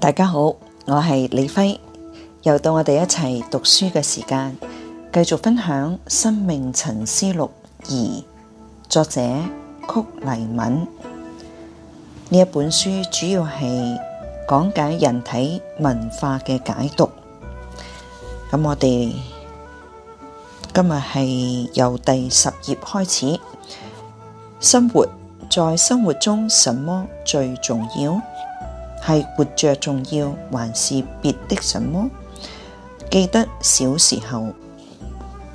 大家好，我係李輝，又到我哋一齊讀書嘅時間，繼續分享《生命沉思錄二》，作者曲黎敏。呢一本書主要係講解人體文化嘅解讀。咁我哋今日係由第十頁開始，生活在生活中，什麼最重要？係活着重要，還是別的什麼？記得小時候，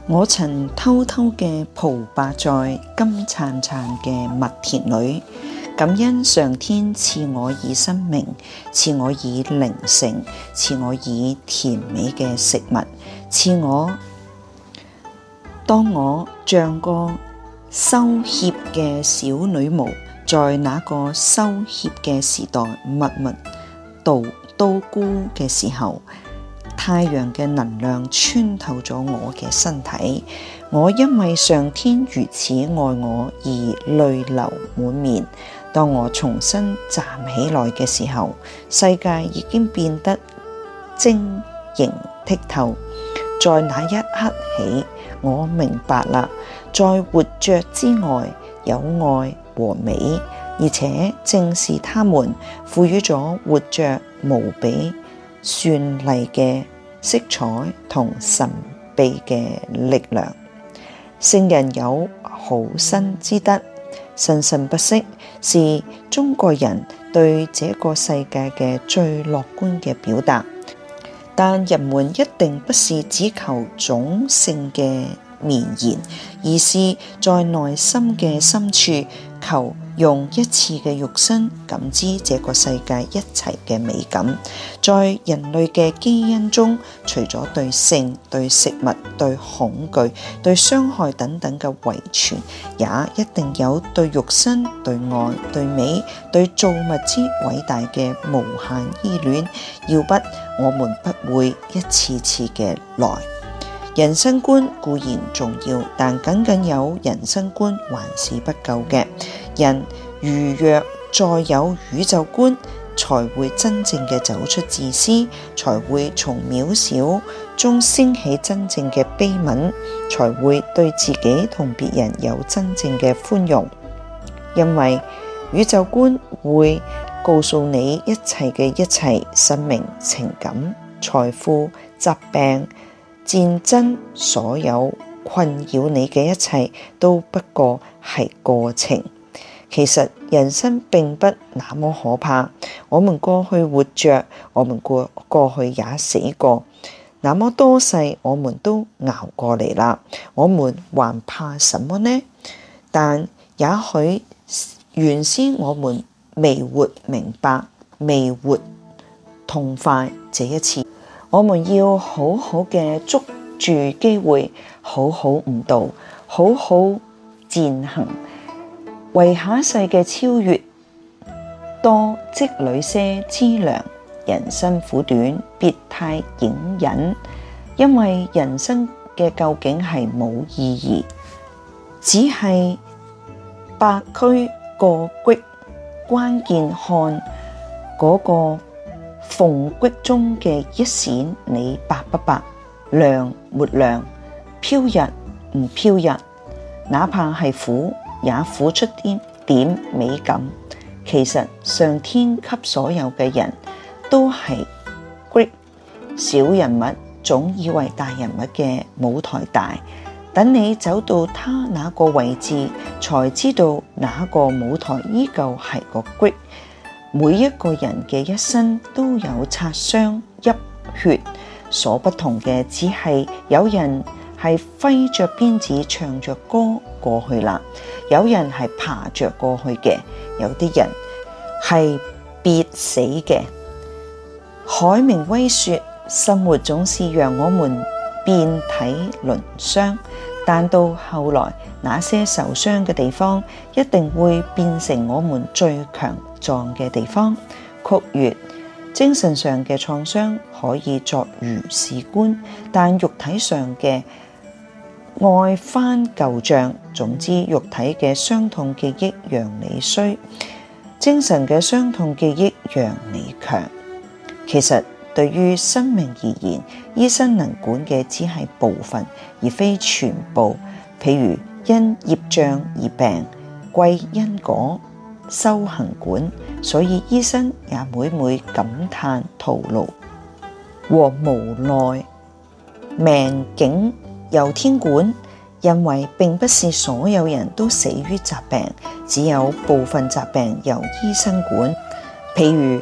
我曾偷偷嘅蒲霸在金燦燦嘅麥田裏，感恩上天賜我以生命，賜我以靈性，賜我以甜美嘅食物，賜我。當我像個羞怯嘅小女巫，在那個羞怯嘅時代，默默。到禱告嘅時候，太陽嘅能量穿透咗我嘅身體，我因為上天如此愛我而淚流滿面。當我重新站起來嘅時候，世界已經變得晶瑩剔透。在那一刻起，我明白啦，在活着之外有愛和美。而且正是他們賦予咗活着無比絢麗嘅色彩同神秘嘅力量。聖人有好生之德，生生不息，是中國人對這個世界嘅最樂觀嘅表達。但人們一定不是只求種性嘅綿延，而是在內心嘅深處求。用一次嘅肉身感知這個世界一切嘅美感，在人類嘅基因中，除咗對性、對食物、對恐懼、對傷害等等嘅遺傳，也一定有對肉身、對愛、對美、對造物之偉大嘅無限依戀。要不，我們不會一次次嘅來。人生觀固然重要，但僅僅有人生觀還是不夠嘅。人如若再有宇宙觀，才會真正嘅走出自私，才會從渺小中升起真正嘅悲憫，才會對自己同別人有真正嘅寬容。因為宇宙觀會告訴你一切嘅一切，生命、情感、財富、疾病、戰爭，所有困擾你嘅一切都不過係過程。其實人生並不那麼可怕，我們過去活着，我們過過去也死過，那麼多世我們都熬過嚟啦，我們還怕什麼呢？但也許原先我們未活明白，未活痛快，這一次我們要好好嘅捉住機會，好好悟道，好好踐行。為下一世嘅超越，多積累些資糧。人生苦短，別太隱忍，因為人生嘅究竟係冇意義，只係白駒過隙，關鍵看嗰、那個縫隙中嘅一閃，你白不白？亮沒亮？飄逸唔飄逸？哪怕係苦。也付出啲點,點美感，其實上天給所有嘅人都係 great 小人物，總以為大人物嘅舞台大，等你走到他那個位置，才知道那個舞台依舊係個 great。每一個人嘅一生都有擦傷、泣血，所不同嘅只係有人。係揮着鞭子唱着歌過去啦，有人係爬着過去嘅，有啲人係必死嘅。海明威說：生活總是讓我們遍體鱗傷，但到後來，那些受傷嘅地方一定會變成我們最強壯嘅地方。曲月，精神上嘅創傷可以作如是觀，但肉體上嘅。愛翻舊賬，總之，肉體嘅傷痛記憶讓你衰，精神嘅傷痛記憶讓你強。其實對於生命而言，醫生能管嘅只係部分，而非全部。譬如因業障而病，貴因果，修行管，所以醫生也每每感嘆徒勞和無奈命境。由天管，認為並不是所有人都死於疾病，只有部分疾病由醫生管。譬如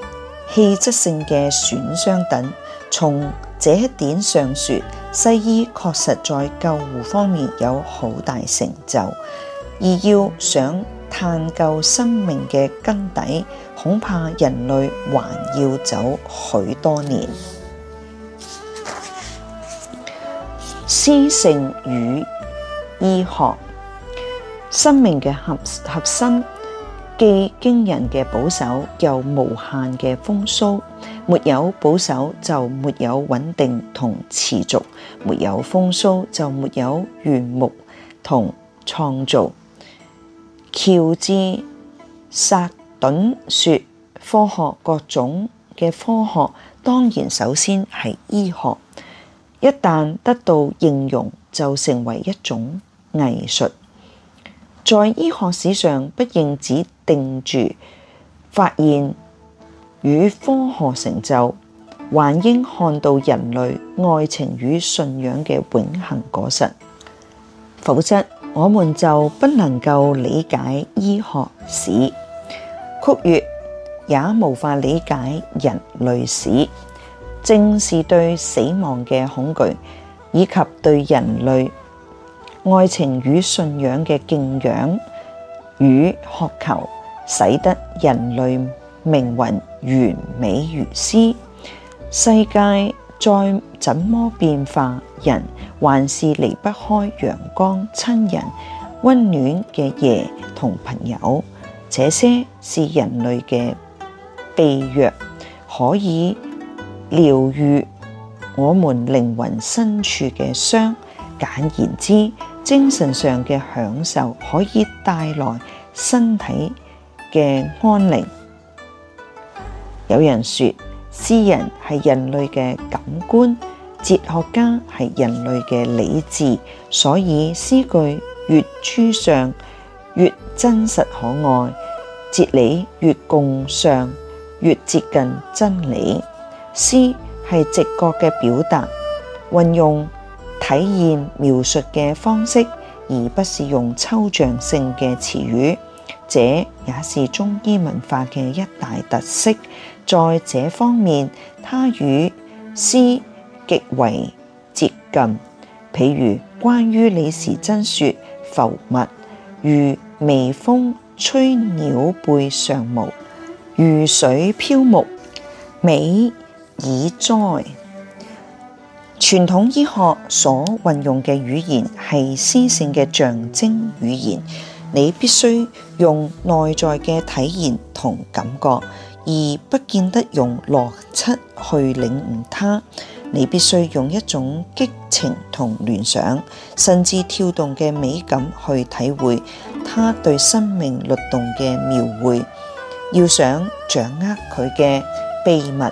器質性嘅損傷等。從這一點上說，西醫確實在救護方面有好大成就。而要想探究生命嘅根底，恐怕人類還要走許多年。詩性與醫學，生命嘅核心，既驚人嘅保守又無限嘅風騷。沒有保守就沒有穩定同持續，沒有風騷就沒有原木同創造。喬治·薩頓說：科學各種嘅科學，當然首先係醫學。一旦得到應用，就成為一種藝術。在醫學史上，不應只定住發現與科學成就，還應看到人類愛情與信仰嘅永恒果實。否則，我們就不能夠理解醫學史，曲月也無法理解人類史。正是對死亡嘅恐懼，以及對人類愛情與信仰嘅敬仰與渴求，使得人類命運完美如斯。世界再怎麼變化人，人還是離不開陽光、親人、溫暖嘅夜同朋友。這些是人類嘅避若可以。療愈我們靈魂深處嘅傷，簡言之，精神上嘅享受可以帶來身體嘅安寧。有人說，詩人係人類嘅感官，哲學家係人類嘅理智，所以詩句越抽象，越真實可愛，哲理越共尚越接近真理。詩係直覺嘅表達，運用體現描述嘅方式，而不是用抽象性嘅詞語。這也是中醫文化嘅一大特色。在這方面，它與詩極為接近。譬如關於李時珍說：浮物如微風吹鳥背上毛，如水漂木，美。以哉傳統醫學所運用嘅語言係詩性嘅象徵語言，你必須用內在嘅體驗同感覺，而不見得用邏輯去領悟它。你必須用一種激情同聯想，甚至跳動嘅美感去體會它對生命律動嘅描繪。要想掌握佢嘅秘密，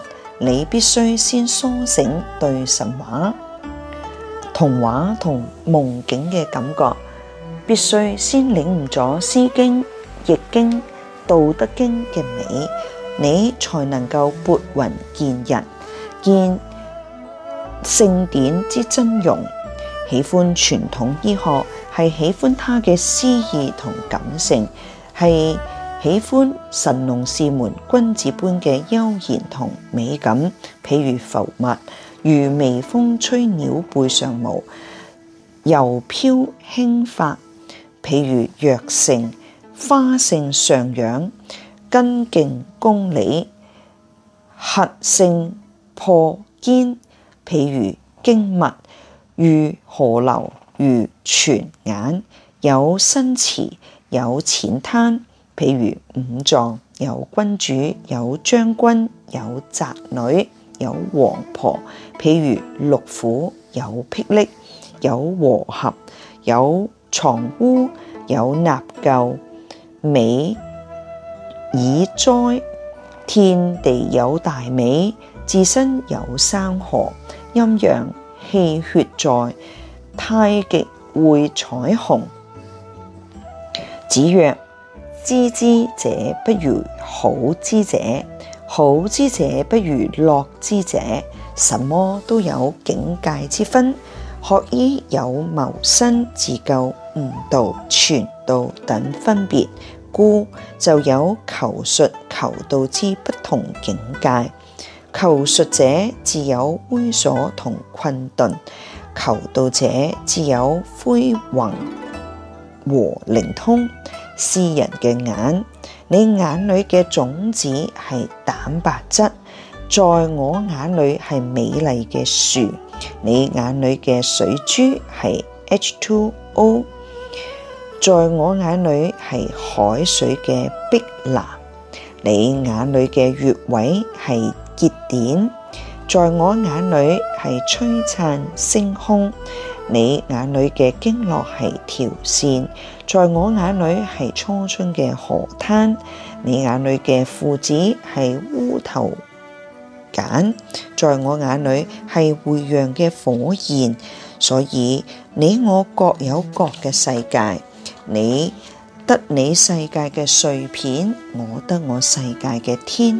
你必須先蘇醒對神話、童話同夢境嘅感覺，必須先領悟咗《詩經》《易經》《道德經》嘅美，你才能夠撥雲見日，見聖典之真容。喜歡傳統醫學，係喜歡佢嘅詩意同感性，係。喜歡神農氏們君子般嘅悠然同美感，譬如浮物如微風吹鳥背上毛，遊漂輕發；譬如藥性花性上揚，根莖功理，核性破堅，譬如經脈如河流如泉眼，有深池有淺灘。譬如五臟有君主，有將軍，有宅女，有王婆；譬如六腑有霹靂，有和合，有藏污，有納垢。美以哉，天地有大美，自身有山河，陰陽氣血在，太極會彩虹。子曰。知之者不如好之者，好之者不如樂之者。什麼都有境界之分，學醫有謀生、自救、悟道、傳道等分別，故就有求術、求道之不同境界。求術者自有猥瑣同困頓，求道者自有恢宏和靈通。詩人嘅眼，你眼裏嘅種子係蛋白質，在我眼裏係美麗嘅樹；你眼裏嘅水珠係 H2O，在我眼裏係海水嘅碧藍；你眼裏嘅穴位係結點，在我眼裏係璀璨星空。你眼裏嘅經絡係條線，在我眼裏係初春嘅河灘；你眼裏嘅附子係烏頭鹼，在我眼裏係回陽嘅火焰。所以你我各有各嘅世界，你得你世界嘅碎片，我得我世界嘅天。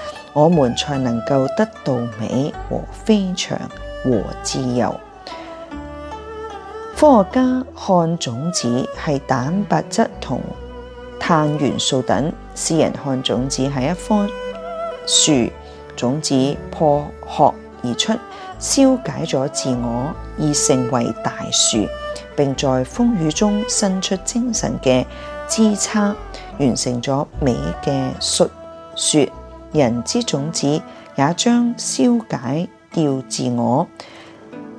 我們才能夠得到美和飛翔和自由。科學家看種子係蛋白質同碳元素等，詩人看種子係一棵樹。種子破殼而出，消解咗自我，而成為大樹，並在風雨中伸出精神嘅枝叉，完成咗美嘅述說。人之種子也將消解掉自我，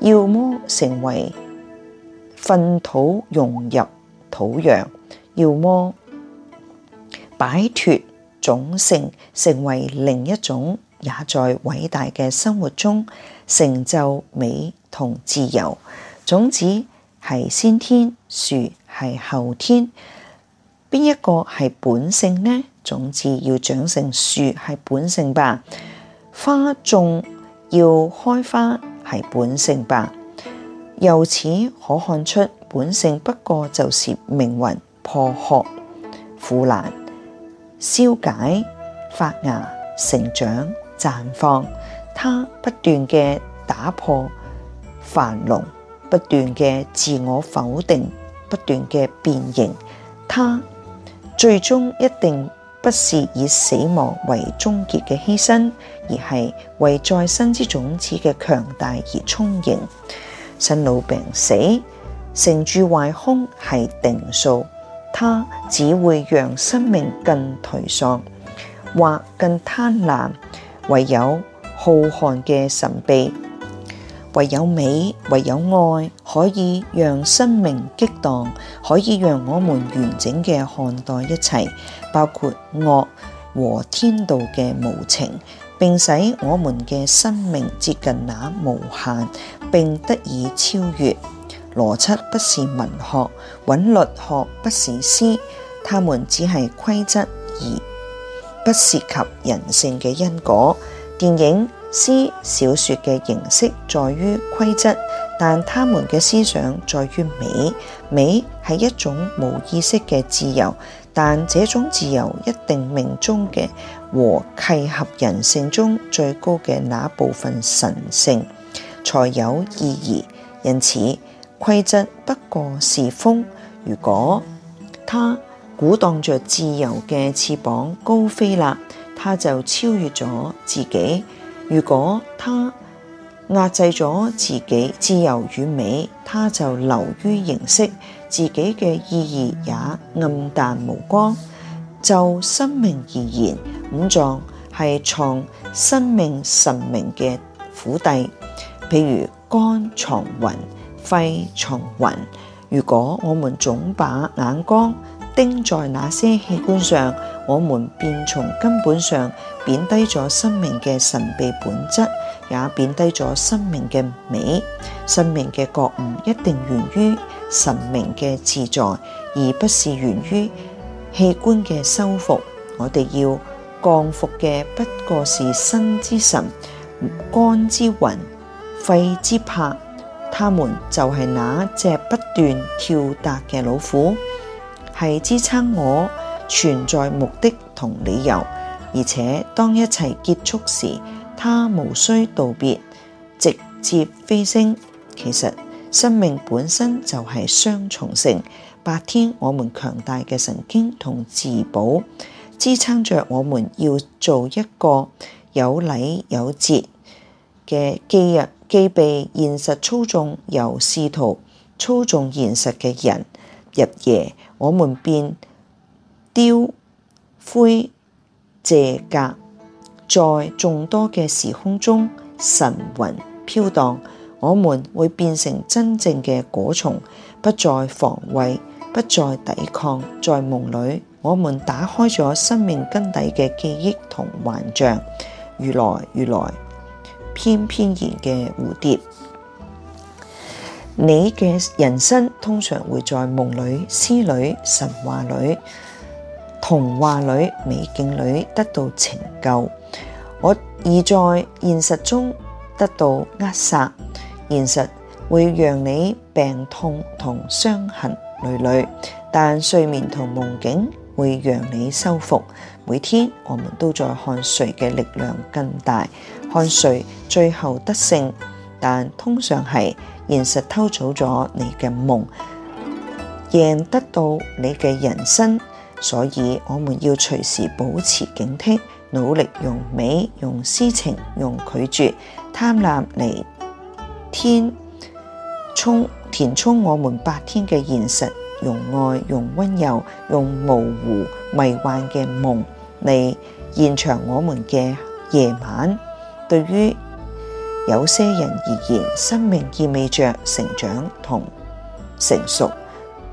要麼成為糞土融入土壤，要麼擺脱種性，成為另一種也在偉大嘅生活中成就美同自由。種子係先天，樹係後天，邊一個係本性呢？種子，要長成樹係本性吧，花種要開花係本性吧。由此可看出，本性不過就是命運破殼、腐爛、消解、發芽、成長、綻放。它不斷嘅打破繁榮，不斷嘅自我否定，不斷嘅變形。它最終一定。不是以死亡為終結嘅犧牲，而係為再生之種子嘅強大而充盈。生老病死，成住壞空係定數，它只會讓生命更頹喪或更貪婪，唯有浩瀚嘅神秘。唯有美，唯有愛，可以讓生命激蕩，可以讓我們完整嘅看待一切，包括惡和天道嘅無情，並使我們嘅生命接近那無限，並得以超越。邏輯不是文學，韻律學，不是詩，他們只係規則而，而不涉及人性嘅因果。電影。詩小說嘅形式在於規則，但佢哋嘅思想在於美。美係一種冇意識嘅自由，但這種自由一定命中嘅和契合人性中最高嘅那部分神性才有意義。因此，規則不過是風，如果它鼓盪着自由嘅翅膀高飛啦，它就超越咗自己。如果他壓制咗自己自由與美，他就流於形式，自己嘅意義也暗淡無光。就生命而言，五臟係藏生命神明嘅府邸，譬如肝藏魂，肺藏魂。如果我們總把眼光盯在那些器官上，我們便從根本上貶低咗生命嘅神秘本質，也貶低咗生命嘅美。生命嘅覺悟一定源於神明嘅自在，而不是源於器官嘅修復。我哋要降伏嘅不過是身之神、肝之魂、肺之魄，他們就係那隻不斷跳達嘅老虎，係支撐我。存在目的同理由，而且當一切結束時，他無需道別，直接飛升。其實生命本身就係雙重性，白天我們強大嘅神經同自保支撐着我們要做一個有禮有節嘅、既日既被現實操縱又試圖操縱現實嘅人，日夜我們變。丟盔卸甲，在眾多嘅時空中神魂飄蕩，我們會變成真正嘅果蟲，不再防衛，不再抵抗。在夢裏，我們打開咗生命根底嘅記憶同幻象，如來如來，翩翩然嘅蝴蝶。你嘅人生通常會在夢裏、詩裏、神話裏。童話裏、美景裏得到拯救，我已在現實中得到扼殺。現實會讓你病痛同傷痕累累，但睡眠同夢境會讓你修復。每天我們都在看誰嘅力量更大，看誰最後得勝，但通常係現實偷走咗你嘅夢，贏得到你嘅人生。所以，我們要隨時保持警惕，努力用美、用詩情、用拒絕貪婪嚟填充填充我們白天嘅現實，用愛、用温柔、用模糊迷幻嘅夢嚟延長我們嘅夜晚，對於有些人而言，生命意味着成長同成熟；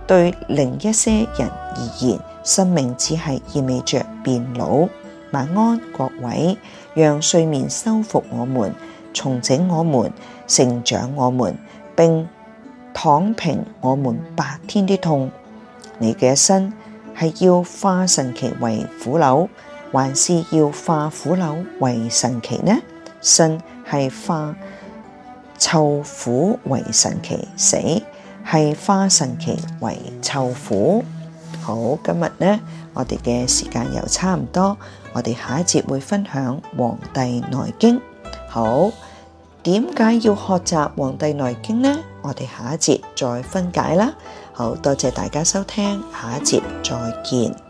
對另一些人而言，生命只係意味著變老。晚安各位，讓睡眠修復我們、重整我們、成長我們，並躺平我們白天的痛。你嘅身係要化神奇為腐朽，還是要化腐朽為神奇呢？生係化臭腐為神奇，死係化神奇為臭腐。好，今日呢，我哋嘅時間又差唔多，我哋下一節會分享《黃帝內經》。好，點解要學習《黃帝內經》呢？我哋下一節再分解啦。好多謝大家收聽，下一節再見。